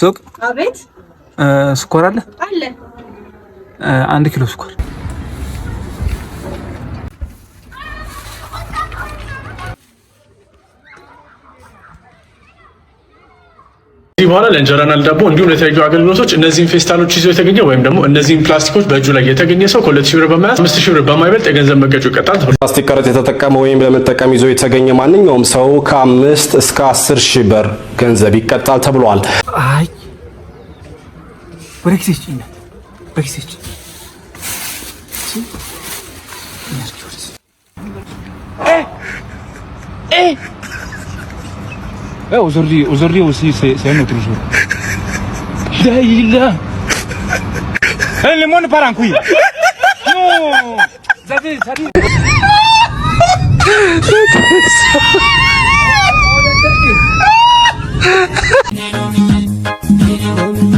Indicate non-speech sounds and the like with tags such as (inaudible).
ሱቅ አቤት። ስኳር አለ አለ። አንድ ኪሎ ስኳር ከዚህ በኋላ ለእንጀራና ለዳቦ እንዲሁም ለተለያዩ አገልግሎቶች እነዚህን ፌስታሎች ይዞ የተገኘ ወይም ደግሞ እነዚህን ፕላስቲኮች በእጁ ላይ የተገኘ ሰው ከሁለት ብር በመያዝ አምስት ብር በማይበልጥ የገንዘብ መቀጮ ይቀጣል። ፕላስቲክ ቀረጥ የተጠቀመ ወይም ለመጠቀም ይዞ የተገኘ ማንኛውም ሰው ከአምስት እስከ አስር ሺ ብር ገንዘብ ይቀጣል ተብሏል። አይ ወደ aujourd'hui, aujourd'hui aussi, c'est un autre jour. Là, (laughs) eh, le monde part en couille. (laughs) Non. (laughs)